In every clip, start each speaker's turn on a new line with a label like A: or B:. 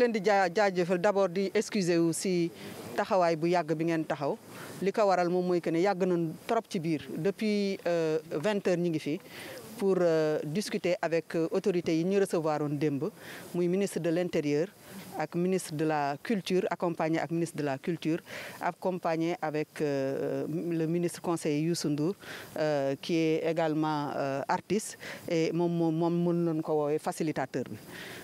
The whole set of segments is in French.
A: leen di jaa d'abord di excuser wu si taxawaay bu yag bi ngeen taxaw liko waral mom moy que ne yag nañ trop ci bir depuis 20h euh, ñi ngi fi. pour euh, discuter avec euh, autorité yi ñu recevoir woon démb muy ministre de l'intérieur ak ministre de la culture accompagné ak ministre de la culture accompagné avec le ministre conseiller Youssou euh, qui est également artiste et mom mom mën nañu ko wowe facilitateur bi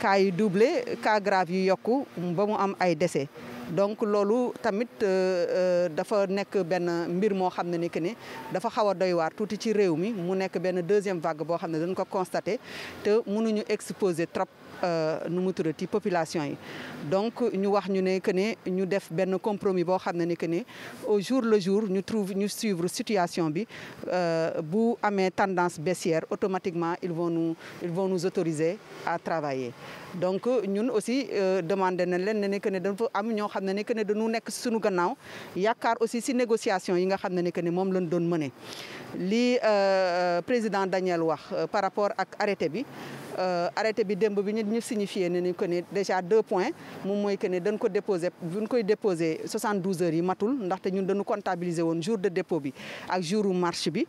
A: cas yu doublé cas grave yokku ba mu am ay décès donc loolu tamit euh, euh, dafa nek ben mbir mo xam ni que ne dafa xaw doy war tuuti ci réew mi mu nek ben deuxième vague bo xam ne dañ ko constater te mënuñu exposer trop euh, nu mu tuddati population yi donc ñu wax ñu ne que ne ñu def ben compromis boo xam ni que ne au jour le jour ñu trouve ñu suivre situation bi bu amee tendance baissière automatiquement ils vont nous ils vont nous autoriser à travailler donc ñun aussi demander nañ ne que ne dafa am ñoo xam ne ne que ne dañu ci suñu gannaaw yakkar aussi ci négociation yi nga xamné ne que né mom lañ doon mené li euh, président Daniel wax euh, par rapport ak arrêté bi euh, arrêté bi demb bi ñu ñu signifier, ne ni que déjà deux points mu moy que ne dañ ko déposé buñ koy déposé 72 heures yi matul té ñun dañu comptabiliser won jour de dépôt bi ak jouru marche bi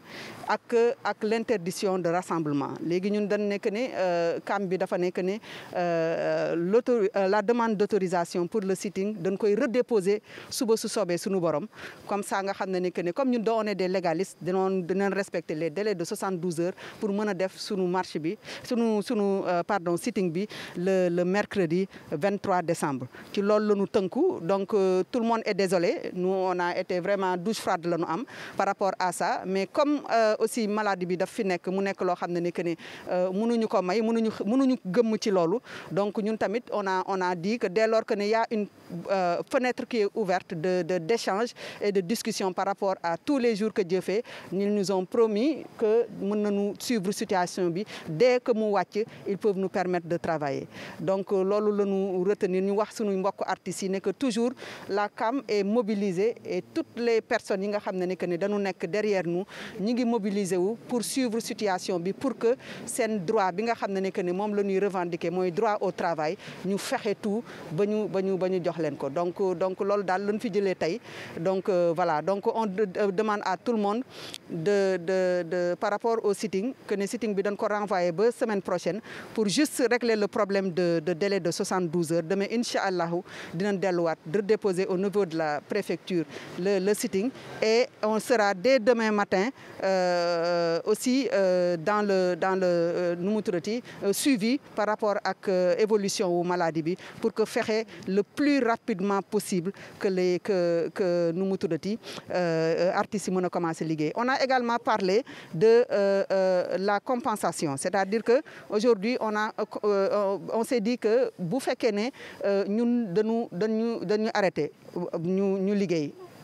A: ak ak l'interdiction de rassemblement légui ñun dañ nek ne euh, CAM bi dafa nek ne euh, euh, la demande d'autorisation pour le sitting dañ koy redéposer suba su sobé suñu borom comme ça nga xamné ne que comme ñun doo on est des légalistes dinoon dinañ respecter les délais de 72 heures pour mëna def suñu marche bi suñu euh, pardon sitting bi le mercredi 23 décembre donc euh, tout le monde est désolé nous on a été vraiment douche froide par rapport à ça mais comme euh, aussi maladie bi fi on dit que dès lors que y a une fenêtre qui est ouverte de et de discussion par rapport à tous les jours que Dieu fait ils nous ont promis que nous suivre situation dès que mu ils peuvent nous permettre de travailler donc que que nous retenir nous wax artistes que toujours la CAM est mobilisée et toutes les personnes qui sont derrière nous nous mobilisons pour suivre la situation pour que ces droits bi nga que droit au travail nous fassions tout pour nous aider. donc euh, donc donc euh, voilà donc on demande à tout le monde par rapport au sitting que le sitting soit renvoyé la semaine prochaine pour juste régler le problème de délai de 72 heures demain inshallah, de déposer au niveau de la préfecture le sitting et on sera dès demain matin euh, aussi euh, dans le dans le euh, suivi par rapport à l'évolution au maladie pour que fexe le plus rapidement possible que les que que nous à artistes on a également parlé de la compensation c'est-à-dire que aujourd'hui on a euh, euh, on s'est dit que bu fekkee ne euh, ñun dañu dañu dañu arrêter, ñu ñu liguer.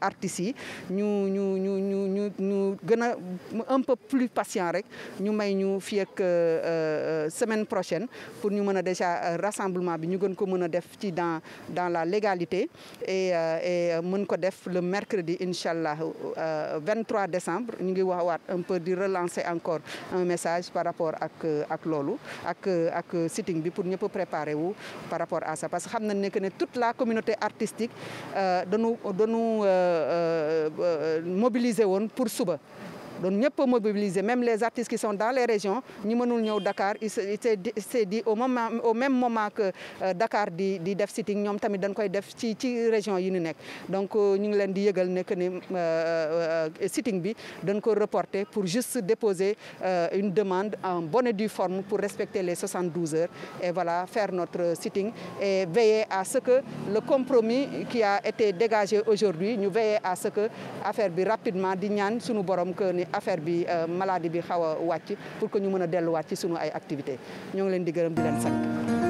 A: artiste. nous nous, nous, un peu plus patients. Nous ñu may ñu euh, euh, semaine prochaine pour nous nous a déjà euh, rassemblement nous ñu gën dans dans la légalité et et mën ko faire le mercredi inshallah 23 décembre nous ngi un peu di relancer encore un message par rapport à ak loolu ak ak sitting pour nous préparer par rapport à ça parce que nous que toute la communauté artistique dañu dañu Euh, euh, euh, mobiliser woon pour suba Donc, nous pouvons mobiliser, même les artistes qui sont dans les régions, nous au Dakar. Il s'est dit au, moment, au même moment que euh, Dakar dit di def sitting, nous avons fait def région Donc nous avons dit que le euh, euh, sitting bi dañ reporter pour juste déposer euh, une demande en bonne et due forme pour respecter les 72 heures et voilà faire notre sitting et veiller à ce que le compromis qui a été dégagé aujourd'hui, nous veiller à ce que l'affaire soit rapidement di ñaan suñu borom affaire bi euh, maladie bi xaw a wàcc pour que ñu mën a delluwaat ci sunu ay activités ñoo ngi leen di gërëm di leen sant